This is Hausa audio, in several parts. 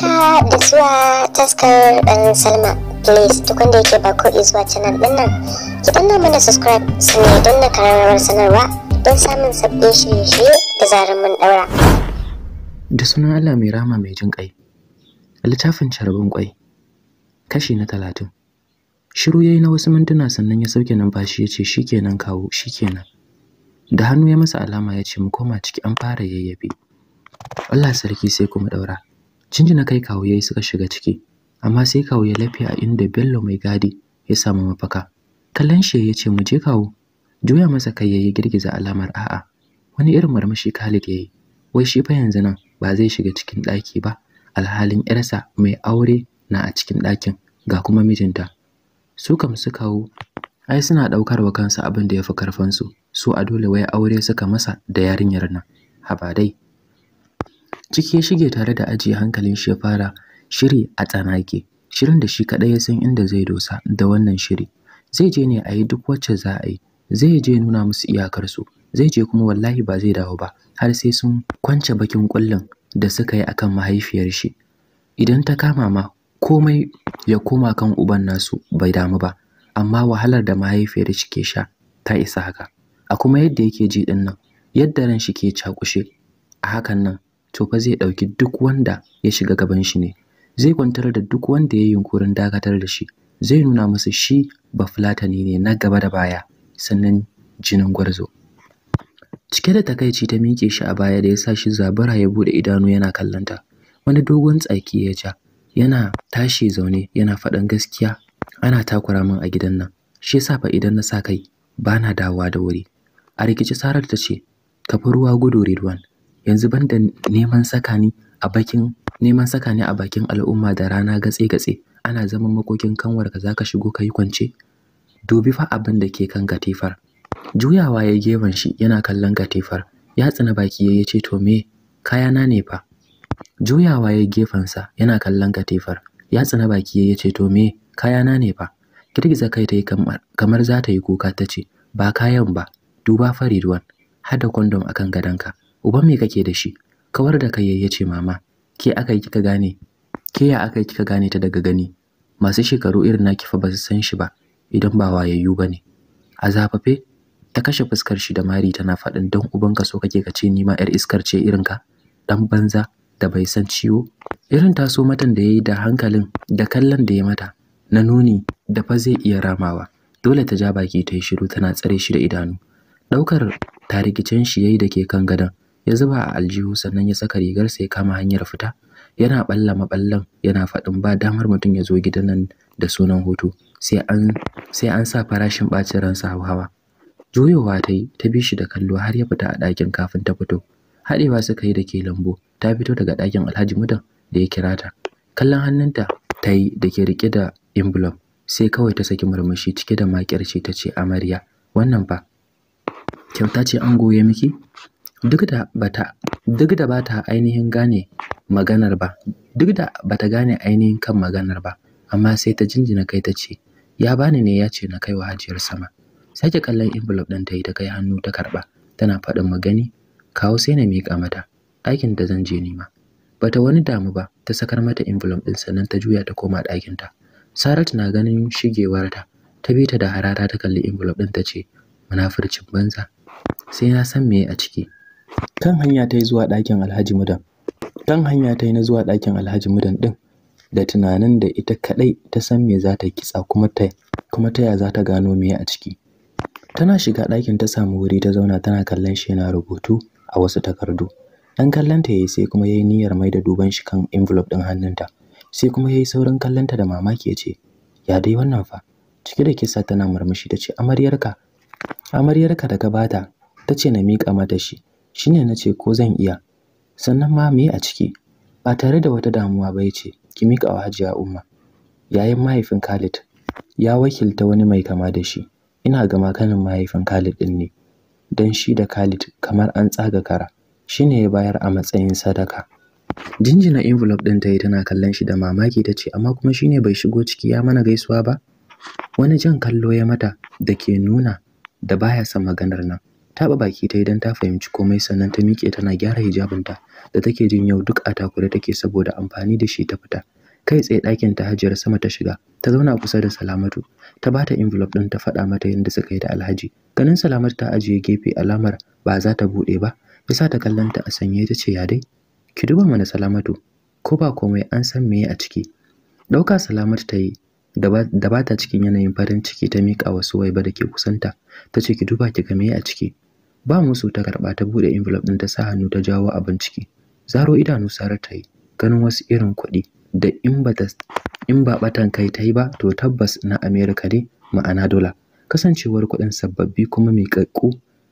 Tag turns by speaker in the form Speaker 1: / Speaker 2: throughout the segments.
Speaker 1: haka da zuwa taskar dan salma please duk wanda yake ba ko zuwa canal din nan ki danna mana subscribe su ne don na kararrawar sanarwa don samun sabbin shirye-shirye da zarar mun daura da sunan allah mai rama mai jin kai littafin carabin kwai kashi na talatin shiru ya yi na wasu mintuna sannan ya sauke numfashi ya ce shikenan kawo shi kenan. da hannu ya masa alama ya ce mu koma ciki an fara yayyabe Allah sarki sai kuma daura Jinjina kai kawo yayi suka shiga ciki, amma sai kawo ya lafe a inda Bello mai gadi ya samu mafaka. Kallon shi ya ce mu je kawo. Juya masa kai yayi girgiza alamar a'a. Wani irin marmashi Khalid yayi. Wai shi fa yanzu nan ba zai shiga cikin ɗaki ba, alhalin 'yarsa mai aure na a cikin ɗakin ga kuma mijinta. Su kam su kawo ai suna daukar wa kansu abin da yafi fi su su a dole wai aure suka masa da yarinyar nan haba dai ciki ya shige tare da ajiye hankalin shi ya fara shiri a tsanake shirin da shi kadai ya san inda zai dosa da wannan shiri zai je ne a yi duk wacce za a yi zai je nuna musu iyakarsu zai je kuma wallahi ba zai dawo ba har sai sun kwance bakin kullun da suka yi akan mahaifiyar shi idan ta kama ma komai ya koma kan uban nasu bai damu ba amma wahalar da mahaifiyar shi ke sha ta isa haka a kuma yadda yake ji din nan yadda ran shi ke cakushe a hakan nan to fa zai ɗauki duk wanda ya shiga gaban shi ne zai kwantar da duk wanda ya yi yunkurin dakatar da shi zai nuna musu shi ba fulatani ne na gaba da baya sannan jinin gwarzo cike da takaici ta miƙe shi a baya da ya sa shi zabara ya bude idanu yana kallonta wani dogon tsaki ya ja yana tashi zaune yana faɗan gaskiya ana takura min a gidan nan shi yasa fa idan na sa kai ba na dawowa da wuri a rikici sarar ta ce fi ruwa gudu ridwan yanzu banda neman saka ni a bakin neman saka a bakin al'umma da rana gatse gatse ana zaman makokin kanwar ka zaka shigo kai kwance dubi fa abin da ke kan katifar juyawa ya gefen shi yana kallon katifar ya tsina baki ya ce to me kayana ne fa juyawa ya sa yana kallon katifar ya tsina baki ya ce to me kayana ne fa girgiza kai ta yi kamar za ta yi kuka ta ce ba kayan ba duba fariduwan hada kwandom akan gadonka uban me kake da shi kawar da kai yace mama ke aka yi kika gane ke ya aka yi kika gane ta daga gani masu shekaru irin naki fa ba su san shi ba idan ba wayayyu bane a zafafe ta kashe fuskar shi da mari tana faɗin don ubanka so kake ka ce ni yar iskar ce irin ka dan banza da bai san ciwo irin taso matan da yayi da hankalin da kallon da ya mata na nuni da fa zai iya ramawa dole ta ja baki ta yi shiru tana tsare shi da idanu daukar tarikicen shi yayi da ke kan gadon ya zuba a aljihu sannan ya saka rigarsa ya kama hanyar fita yana balla maballan yana faɗin ba damar mutum ya zo gidan nan da sunan hoto, sai an sai an sa farashin bacin ransa hawa juyowa ta yi ta bi shi da kallo har ya fita a ɗakin kafin ta fito haɗewa suka yi da ke lambu ta fito daga ɗakin alhaji mudan da ya kira ta kallon hannunta ta yi da ke riƙe da envelope sai kawai ta saki murmushi cike da makirci ta ce amarya wannan fa kyauta ce an goye miki duk da bata duk da bata ainihin gane maganar ba duk da bata gane ainihin kan maganar ba amma sai ta jinjina kai ta ce ya bani ne ya ce na kai wa hajiyar sama sake kallon envelope ɗin ta yi ta kai hannu ta karɓa tana faɗin magani kawo sai na mika mata aikin da zan je nema bata wani damu ba ta sakar mata envelope ɗin sannan ta juya ta koma ɗakinta saratu na ganin shigewar ta Ta bi ta da harara ta kalli envelope ɗin ta ce munafurcin banza sai na san me a ciki kan hanya ta yi zuwa ɗakin alhaji mudan kan hanya ta yi na zuwa ɗakin alhaji mudan ɗin da tunanin da ita kaɗai ta san me za ta kitsa kuma ta kuma taya za ta gano me a ciki tana shiga ɗakin ta samu wuri ta zauna tana kallon shi yana rubutu a wasu takardu ɗan kallon ta yayi sai kuma yayi niyyar mai da duban shi kan envelope ɗin hannunta sai kuma yayi saurin kallon ta da mamaki ya ce ya dai wannan fa Ciki da kisa tana murmushi ta ce amaryarka amaryarka da ka bata ta ce na miƙa mata shi Shi ne na ce ko zan iya sannan ma me a ciki ba tare da wata damuwa ba ya ce ki miƙa wa hajiya umma yayin mahaifin khalid ya wakilta wani mai kama da shi ina ga makanin mahaifin khalid ɗin ne don shi da khalid kamar an tsaga kara shi ne ya bayar a matsayin sadaka jinjina envelope ɗin ta yi tana kallon shi da mamaki ta ce amma kuma shine bai shigo ciki ya mana gaisuwa ba wani jan kallo ya mata da ke nuna da baya son maganar nan Taɓa baki ta yi ta fahimci komai sannan ta miƙe tana gyara hijabinta da take jin yau duk a takure take saboda amfani da shi ta fita. Kai tsaye ɗakin ta hajiyar sama ta shiga, ta zauna kusa da Salamatu, ta bata envelope ɗin ta faɗa mata yadda suka yi da Alhaji. Ganin Salamatu ta ajiye gefe alamar ba za ta buɗe ba, ya sa ta kallon ta a sanye ta ce ya dai. Ki duba mana Salamatu, ko ba komai an san meye a ciki. Ɗauka Salamatu ta yi, da ba ta cikin yanayin farin ciki ta miƙa wa ba da ke kusanta ta ce ki duba ki ga meye a ciki ba musu ta karba ta buɗe envelope ɗin ta sa hannu ta jawo abin ciki zaro idanu sarar ta yi ganin wasu irin kuɗi da in ba in ba batan kai ta ba to tabbas na america ne ma'ana dola kasancewar kuɗin sababbi kuma mai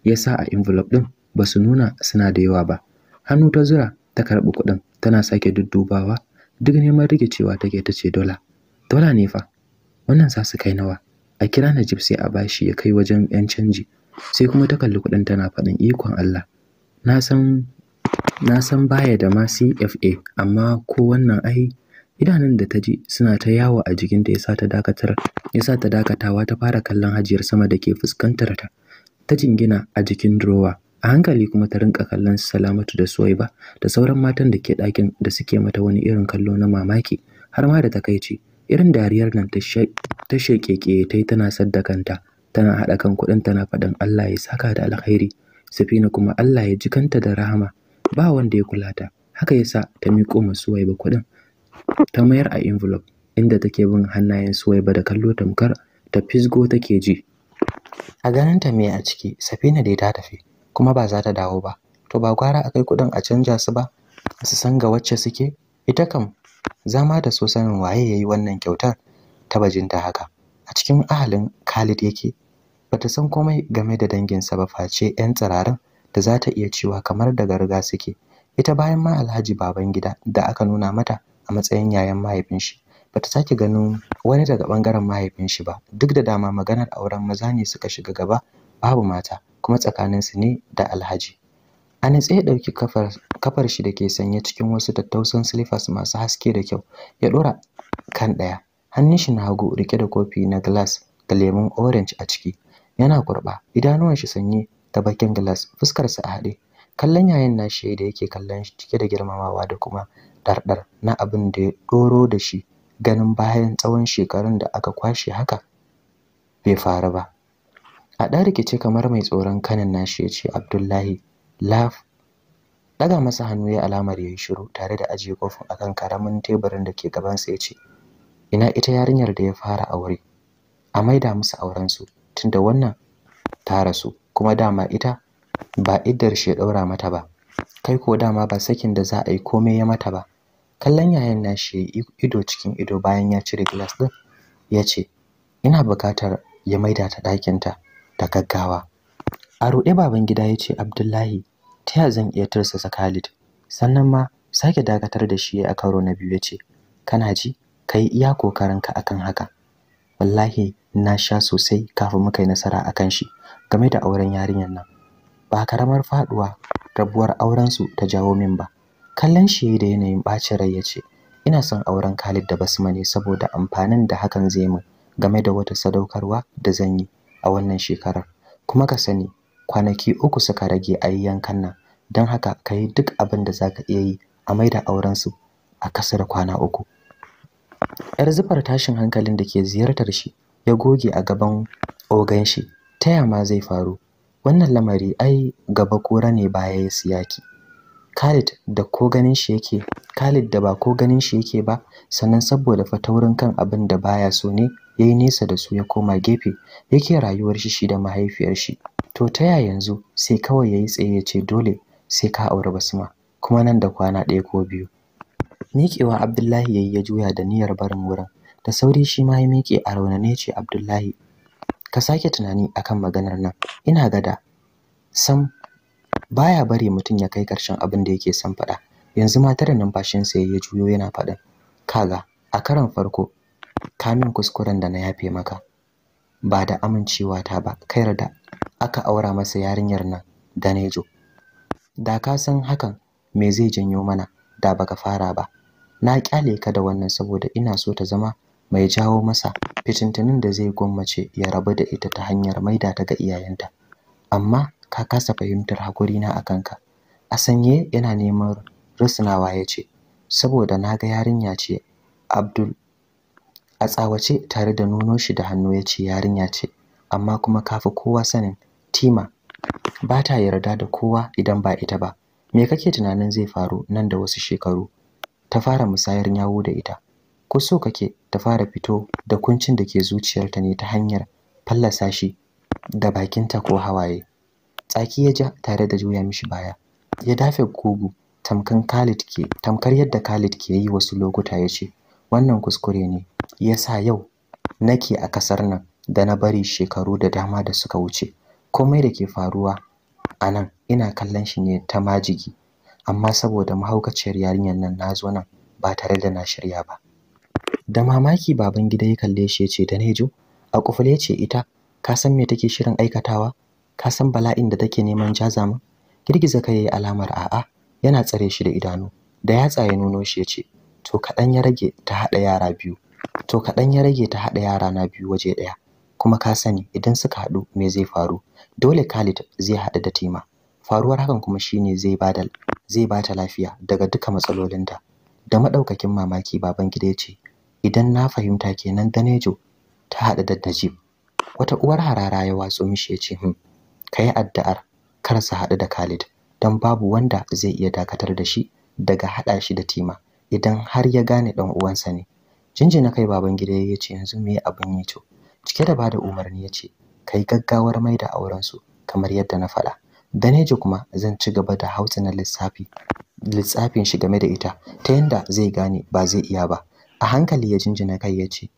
Speaker 1: ya sa a envelope ɗin ba su nuna suna da yawa ba hannu ta zura ta karbi kuɗin tana sake duddubawa duk neman cewa take ta ce dola dola ne fa wannan za su kai nawa a kira najib sai a bashi ya kai wajen yan canji sai kuma ta kalli kuɗin tana faɗin ikon Allah na san na san baya da ma CFA amma ko wannan ai idanun da ta ji suna ta yawo a jikin ta yasa ta dakatar ya ta dakatawa ta fara kallon hajiyar sama da ke fuskantar ta ta jingina a jikin drowa a hankali kuma ta rinka kallon salamatu da suwaiba da sauran matan da ke ɗakin da suke mata wani irin kallo na mamaki har ma da takaici irin dariyar nan ta sheƙeƙe ta yi tana saddakanta tana haɗa kan kuɗin tana faɗin Allah ya saka da alkhairi Safina kuma Allah ya jikanta da rahama ba wanda ya kula ta haka yasa ta miƙo ma Suwaiba kuɗin ta mayar a envelope inda take bin hannayen Suwaiba da kallo tamkar ta fisgo take ji a ganin ta me a ciki Safina dai ta tafi kuma ba za ta dawo ba to ba gwara akai kuɗin a canja su ba su san ga wacce suke ita kam zama da so sanin waye yayi wannan kyautar ta bajinta haka a cikin ahalin Khalid yake bata san komai game da danginsa ba face 'yan tsirarin da za ta iya cewa kamar daga riga suke ita bayan ma alhaji baban gida da aka nuna mata a matsayin yayan mahaifin shi bata sake ganin wani daga bangaren mahaifin shi ba duk da dama maganar auren maza ne suka shiga gaba babu mata kuma tsakaninsu ne da alhaji a natse ya ɗauki kafar shi da ke sanye cikin wasu tattausan silifas masu haske da kyau ya ɗora kan ɗaya hannun shi na hagu rike da kofi na glass da lemon orange a ciki yana kurba idanuwan shi sanye ta bakin glass fuskar sa a hade kallon yayin nashi da yake kallon shi cike da girmamawa da kuma dardar na abin da ya doro da shi ganin bayan tsawon shekarun da aka kwashe haka bai faru ba a ɗan rikice kamar mai tsoron kanin nashi ya ce abdullahi laf daga masa hannu ya alamar ya yi shiru tare da ajiye kofin akan karamin teburin da ke gabansa ya ce ina ita yarinyar da ya fara aure a maida musu aurensu lokacin da wannan ta rasu kuma dama ita ba iddar shi ya ɗaura mata ba kai ko dama ba sakin da za a yi komai ya mata ba kallon yayan nashi ido cikin ido bayan ya cire glass din ya ce ina buƙatar ya maida ta ɗakinta da gaggawa a ruɗe baban gida ya ce abdullahi ta ya zan iya tursasa khalid sannan ma sake dakatar da shi a karo na biyu ya ce kana ji ka yi iya kokarinka akan haka wallahi na sha sosai kafin muka yi nasara a kan shi game da auren yarinyar nan ba karamar faduwa rabuwar auren su ta jawo min ba kallon shi da yanayin bacin rai yace ina son auren Khalid da Basma ne saboda amfanin da hakan zai min game da wata sadaukarwa da zan yi a wannan shekarar kuma ka sani kwanaki uku suka rage a yi yankan nan don haka ka yi duk abin da za ka iya yi a maida auren su a kasar kwana uku yar zufar tashin hankalin da ke ziyartar shi ya goge a gaban ogan shi ta ma zai faru wannan lamari ai gaba kora ne baya ya siyaki Khalid da ko ganin shi yake Khalid da ba ko ganin shi yake ba sannan saboda fataurin kan abin da baya so ne yayi nesa da su ya koma gefe yake rayuwar shi shi da mahaifiyar shi to ta yaya yanzu sai kawai yayi tsaye ya ce dole sai ka aure Basma kuma nan da kwana ɗaya ko biyu miƙewa Abdullahi yayi ya juya da niyyar barin wurin da sauri shi ma ya miƙe a raunane ce Abdullahi ka sake tunani akan maganar nan ina gada sam baya bari mutum ya kai karshen abin da yake son faɗa yanzu ma tare numfashinsa ya juyo yana faɗin kaga a karon farko ka min kuskuren da na yafe maka ba da amincewa ta ba kai da aka aura masa yarinyar nan danejo da ka san hakan me zai janyo mana da baka fara ba na kyale ka da wannan saboda ina so ta zama mai jawo masa fitintunin da zai gwammace ya rabu da ita ta hanyar maida ta ga iyayenta amma ka kasa fahimtar hakuri na akan ka a sanye yana neman rusunawa ya ce saboda na ga yarinya ce abdul a tsawace tare da nuno shi da hannu ya ce yarinya ce amma kuma kafi kowa sanin tima ba ta yarda da kowa idan ba ita ba me kake tunanin zai faru nan da wasu shekaru ta fara musayar yawo da ita ko so kake ta fara fito da kuncin da ke zuciyarta ne ta hanyar fallasa shi da bakinta ko hawaye tsaki ya ja tare da juya mishi baya ya dafe kugu tamkan Khalid ke tamkar yadda Khalid ke yi wasu lokuta ya ce wannan kuskure ne yasa yau nake a kasar nan da na bari shekaru da dama da suka wuce komai da ke faruwa a nan ina kallon shi ne ta majigi amma saboda mahaukaciyar yarinyar nan nazo nan ba tare da na shirya ba da mamaki baban gida ya kalle shi ya ce nejo a kufule ce ita ka san me take shirin aikatawa ka san bala'in da take neman jaza girgiza kai yayi alamar a'a yana tsare shi da idanu da yatsa ya nuno shi ya ce to kaɗan ya rage ta haɗa yara biyu to kaɗan ya rage ta haɗa yara na biyu waje ɗaya kuma ka sani idan suka haɗu me zai faru dole Khalid zai haɗa da Tima faruwar hakan kuma shine zai bada zai bata lafiya daga duka matsalolinta da madaukakin mamaki baban gida ya ce idan na fahimta kenan Danejo ta hada da Najib wata uwar harara ya watsu mishi ya ce hmm kai addu'ar kar su haɗu da Khalid dan babu wanda zai iya dakatar da shi daga haɗa shi da Tima idan har ya gane dan uwansa ne jinjina kai baban gida ya ce yanzu me abin yi to cike da bada umarni ya ce kai gaggawar mai da auren su kamar yadda na faɗa Danejo kuma zan ci gaba da hautsina lissafi lissafin shi game da ita ta yanda zai gane ba zai iya ba a hankali ya jinjina kai ya ce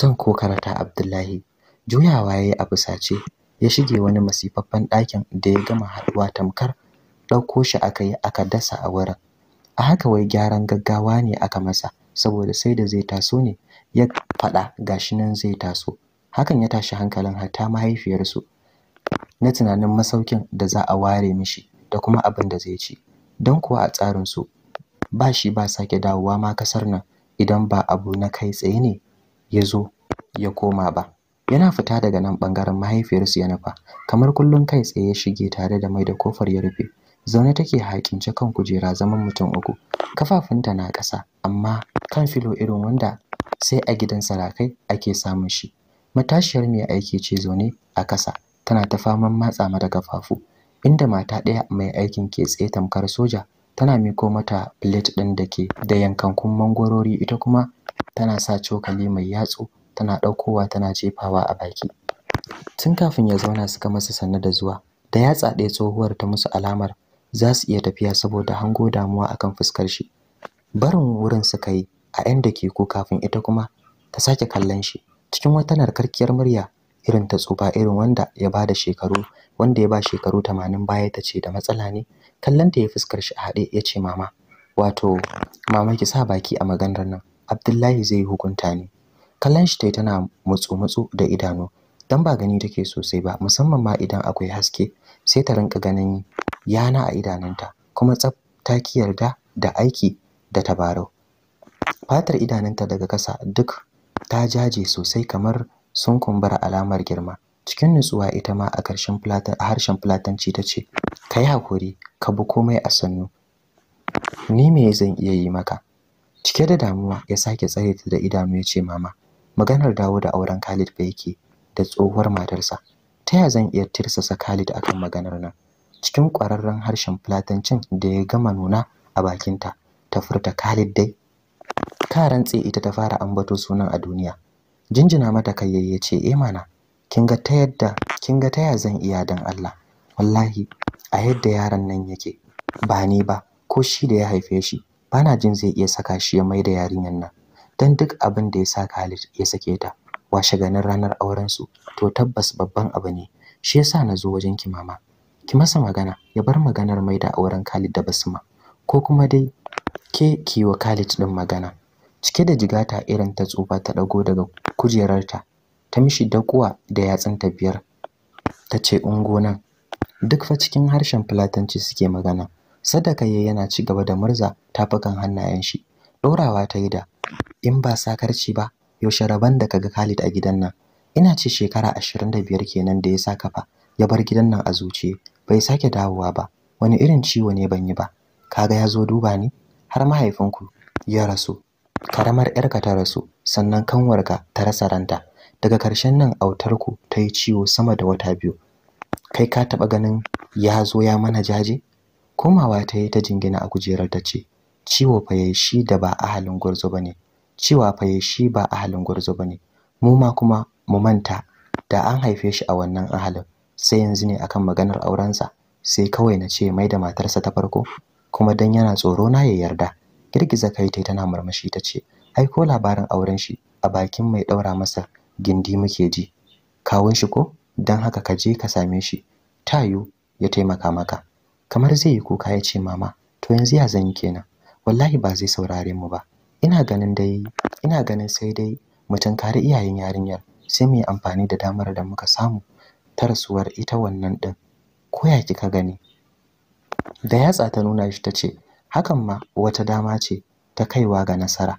Speaker 1: zan kokarta abdullahi juyawa ya yi a fusace ya shige wani masifaffen ɗakin da ya gama haɗuwa tamkar ɗauko shi aka yi aka dasa a wurin a haka wai gyaran gaggawa ne aka masa saboda sai da zai taso ne ya faɗa gashi nan zai taso hakan ya tashi hankalin hatta mahaifiyarsu na tunanin masaukin da za a ware mishi da kuma abin da zai ci don kuwa a tsarinsu ba shi ba sake dawowa ma kasar nan idan ba abu na kai tsaye ne ya zo ya koma ba yana fita daga nan ɓangaren mahaifiyarsu ya nufa kamar kullum kai tsaye ya shige tare da mai da kofar ya rufe zaune take hakince kan kujera zaman mutum uku kafafunta na ƙasa amma kan filo irin wanda sai a gidan sarakai ake samun shi matashiyar mai aiki ce zaune a ƙasa tana ta faman matsa mata kafafu inda mata ɗaya mai aikin ke tsaye tamkar soja tana miko mata plate ɗin da ke da yankankun mangwarori ita kuma tana sa cokali mai yatsu tana ɗaukowa tana jefawa a baki tun kafin ya zauna suka masa sannu da zuwa da yatsa ɗaya tsohuwar ta musu alamar za su iya tafiya saboda hango damuwa akan fuskar shi barin wurin suka yi a 'yan da ke ko kafin ita kuma ta sake kallon shi cikin wata narkarkiyar murya irin ta tsufa irin wanda ya bada shekaru wanda ya ba shekaru tamanin baya ce da matsala ne Kallon ta ya fuskar shi a ya ce mama wato mama ki sa baki a maganar nan Abdullahi zai yi hukunta ne. kallon shi yi tana mutsu mutsu da idanu dan ba gani take sosai ba musamman ma idan akwai haske sai ta rinka ganin yana a idanunta kuma tsaf ta yarda da aiki da tabarau fatar idanunta daga kasa duk ta jaje sosai kamar sun kumbura alamar girma cikin nutsuwa ita ma a ƙarshen harshen fulatanci ta ce ka yi hakuri ka bi komai a sannu ni me zan iya yi maka cike da damuwa ya sake tsare ta da idanu ya ce mama maganar dawo da auren Khalid fa yake da tsohuwar matarsa ta ya zan iya tirsasa Khalid akan maganar nan cikin ƙwararren harshen fulatancin da ya gama nuna a bakinta ta furta Khalid dai ka rantse ita ta fara ambato sunan a duniya jinjina mata kai yayi ce eh mana kin ga ta yadda kin ga ta ya zan iya dan Allah wallahi a yadda yaron nan yake ba ni ba ko shi da ya haife shi bana jin zai iya saka shi ya maida yarinyar nan dan duk abin da ya sa Khalid ya sake ta washe ganin ranar auren su to tabbas babban abu ne shi yasa na zo wajen ki mama ki masa magana ya bar maganar mai da auren Khalid da Basma ko kuma dai ke kiwa Khalid din magana cike da jigata irin ta tsufa ta ɗago daga kujerarta ta mishi dakuwa da yatsunta biyar ta ce ungonan duk fa cikin harshen fulatanci suke magana sadaka yayi yana ci gaba da murza tafukan hannayen shi dorawa ta yi da in ba sakarci ba yaushe rabon da kaga Khalid a gidan nan ina ce shekara 25 kenan da ya saka fa ya bar gidan nan a zuce bai sake dawowa ba wani irin ciwo ne ban yi ba kaga ya zo duba ni har mahaifinku ya rasu karamar yarka ta rasu sannan kanwarka ta rasa ranta daga karshen nan autarku ta yi ciwo sama da wata biyu kai ka taɓa ganin ya zo ya mana jaje komawa ta yi ta jingina a kujerar ta ce ciwo fa yayi shi da ba ahalin gwarzo bane ciwa fa yayi shi ba ahalin gwarzo bane mu ma kuma mu manta da an haife shi a wannan ahalin sai yanzu ne akan maganar aurensa sai kawai na ce mai da matarsa ta farko kuma dan yana tsoro na ya yarda girgiza kai ta tana murmushi ta ce ai labarin auren shi a bakin mai daura masa gindi muke ji kawun shi ko dan haka ka je ka same shi tayo ya taimaka maka kamar zai yi kuka ya ce mama to yanzu ya zan kenan wallahi ba zai saurare mu ba ina ganin dai ina ganin sai dai mu kare iyayen yarinyar sai mu yi amfani da damar da muka samu ta rasuwar ita wannan din ko ya kika gani da yatsa ta nuna shi ta ce hakan ma wata dama ce ta kaiwa ga nasara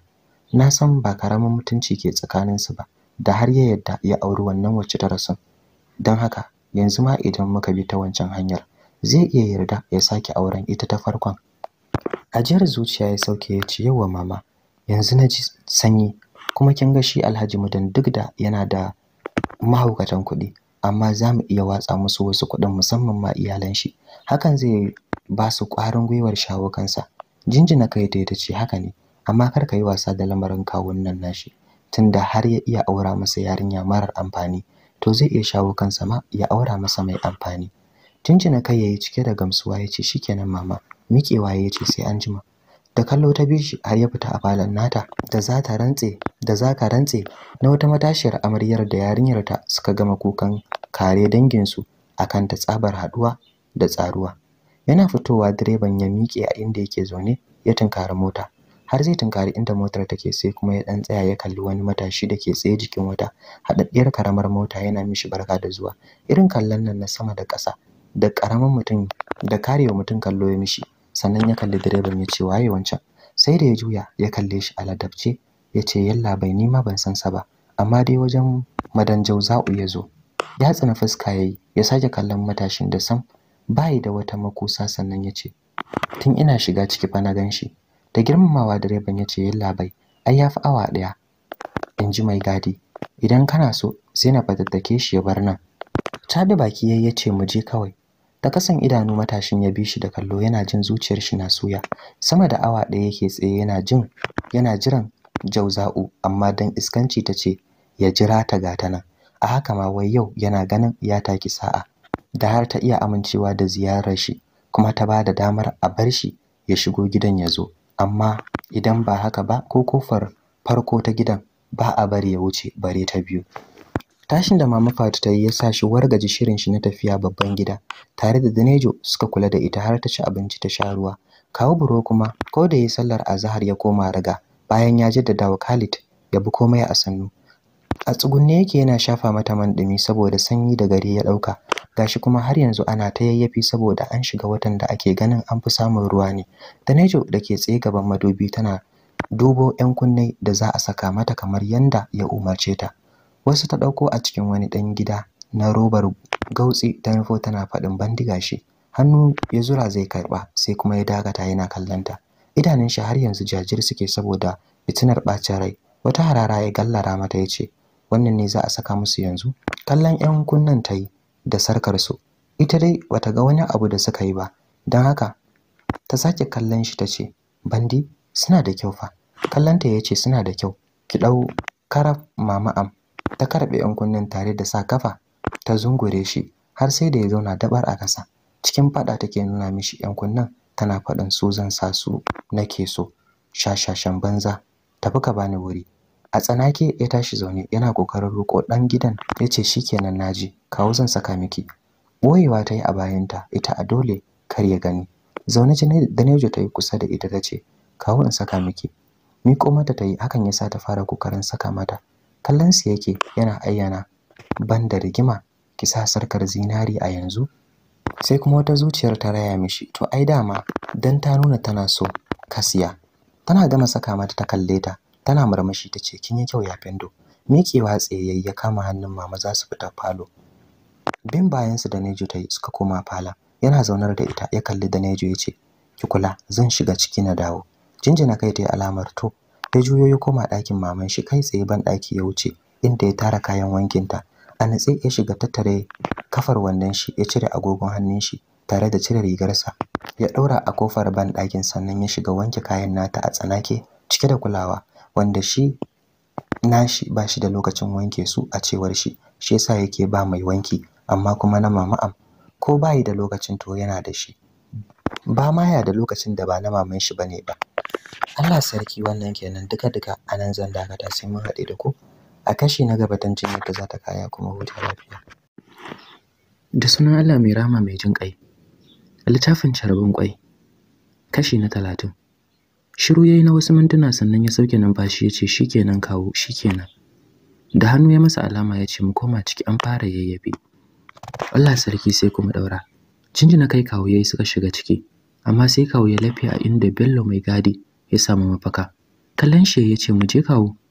Speaker 1: na san ba karamin mutunci ke tsakaninsu ba da har ya yadda ya auri wannan wacce ta rasu don haka yanzu ma idan muka bi ta wancan hanyar zai iya yarda ya sake auren ita ta farkon ajiyar zuciya ya sauke ya ce yawa mama yanzu na ji sanyi kuma kin ga shi alhaji mudan duk da yana da mahaukatan kuɗi amma za mu iya watsa musu wasu kuɗin musamman ma iyalan shi hakan zai ba su ƙwarin gwiwar shawo kansa jinjina kai ta ita ce haka ne amma kar ka yi wasa da lamarin kawun nan nashi tunda har ya iya aura masa yarinya marar amfani to zai iya shawo kansa ma ya aura masa mai amfani jinjina kai ya yi cike da gamsuwa ya yace shikenan mama miƙewa ce sai an jima da kallo ta bi shi har ya fita a falon nata da za ta rantse da za ka rantse na wata matashiyar amaryar da yarinyar ta suka gama kukan kare danginsu akan ta tsabar haɗuwa da tsaruwa yana fitowa direban ya miƙe a inda yake zaune ya tunkari mota har zai tunkari inda motar take sai kuma ya dan tsaya ya kalli wani matashi da ke tsaye jikin wata haɗaɗɗiyar karamar mota yana mishi barka da zuwa irin kallon nan na sama da ƙasa da karamin mutum da karewa mutum kallo ya mishi sannan ya kalli direban ya ce waye wancan sai da ya juya ya kalle shi a ladabce ya ce yalla bai nima ban san sa ba amma dai wajen madan jauza'u ya zo ya tsina fuska ya yi, ya sake kallon matashin da sam bayi da wata makusa sannan ya ce tun ina shiga ciki fa na gan shi da girmamawa direban ya ce yalla bai ai ya fi awa ɗaya in ji mai gadi idan kana so sai na fatattake shi ya bar nan Tadi baki yayi ya ce mu je kawai ta kasan idanu matashin ya bi shi da kallo yana jin zuciyar shi na suya sama da awa ɗaya yake tsaye yana jin yana jiran jauza'u amma dan iskanci ta ce ya jira ta gata nan a haka ma wai yau yana ganin ya taki sa'a da har ta iya amincewa da ziyarar shi kuma ta ba da damar a bar shi ya shigo gidan ya zo amma idan ba haka ba ko kofar farko ta gidan ba a bari ya wuce bare ta biyu tashin da mama Fatu ta yi ya sa shi wargaji shirin shi na tafiya babban gida tare da Danejo suka kula da ita har ta ci abinci ta sha ruwa kawo buro kuma ko da yayi sallar azahar ya koma raga bayan ya jaddada wa Khalid ya bi komai a sannu a tsugunne yake yana shafa mata man ɗumi saboda sanyi da gari ya ɗauka gashi kuma har yanzu ana ta yayyafi saboda an shiga watan da ake ganin an fi samun ruwa ne danejo da ke tsaye gaban madubi tana dubo 'yan kunne da za a saka mata kamar yanda ya umarce ta wasu ta ɗauko a cikin wani ɗan gida na robar gautsi ta rufo tana faɗin bandiga shi hannu ya zura zai karɓa sai kuma ya dagata yana kallonta idanun shi har yanzu jajir suke saboda fitinar ɓacin rai wata harara ya gallara mata ya ce wannan ne za a saka musu yanzu kallon yan kunnen ta yi da sarkar su ita dai bata ga wani abu da suka yi ba don haka ta sake kallon shi ta ce bandi suna da kyau fa kallonta ya ce suna da kyau ki ɗau karaf mama am ta karɓe yan kunnen tare da sa kafa ta zungure shi har sai da ya zauna dabar a kasa cikin fada take nuna mishi yan kunnen tana faɗin su zan sa su nake so shashashan banza tafi ka bani wuri a tsanake ya tashi zaune yana kokarin roko dan gidan yace shikenan naji kawo zan saka miki boyewa ta yi a bayanta ita a dole kar ya gani zaune da ta yi kusa da ita tace kawo in saka miki mi mata ta yi hakan yasa ta fara kokarin saka mata kallon su yake yana ayyana ban da rigima kisa sarkar zinari a yanzu sai kuma wata zuciyar ta raya mishi to ai dama dan ta nuna tana so kasiya tana gama saka mata ta kalle ta tana murmushi ta ce kin yi kyau ya fendo mikewa tsaye ya kama hannun mama za su fita falo bin bayan su da nejo ta yi suka koma fala yana zaunar da ita ya kalli da nejo ya ce ki kula zan shiga ciki na dawo jinjina kai ta yi alamar to ya juyo ya koma ɗakin maman shi kai tsaye ban ɗaki ya wuce inda ya tara kayan wankinta a natse ya shiga tattare kafar wandon shi ya cire agogon hannun shi tare da cire rigarsa ya ɗaura a kofar ban ɗakin sannan ya shiga wanke kayan nata a tsanake cike da kulawa wanda shi nashi ba shi da lokacin wanke su a cewar shi shi yasa yake ba mai wanki amma kuma na mama am ko bayi da lokacin to yana da shi ba ma ya da lokacin da ba na maman shi bane ba Allah sarki wannan kenan duka duka anan zan dakata sai mun haɗe da ku a kashi na gaba don jin yadda za ta kaya kuma huta lafiya da sunan Allah mai rama mai jin ƙai littafin charbon ƙwai kashi na talatin Shiru ya yi na wasu mintuna sannan ya sauke numfashi ya ce shi kenan kawo shi kenan. Da hannu ya masa alama ya ce mu koma ciki an fara yayyabe. Allah sarki sai kuma ɗaura. na kai kawo ya suka shiga ciki. Amma sai kawo ya lafiya inda Bello mai gadi ya samu mafaka. Kallon shi ya ce mu je kawo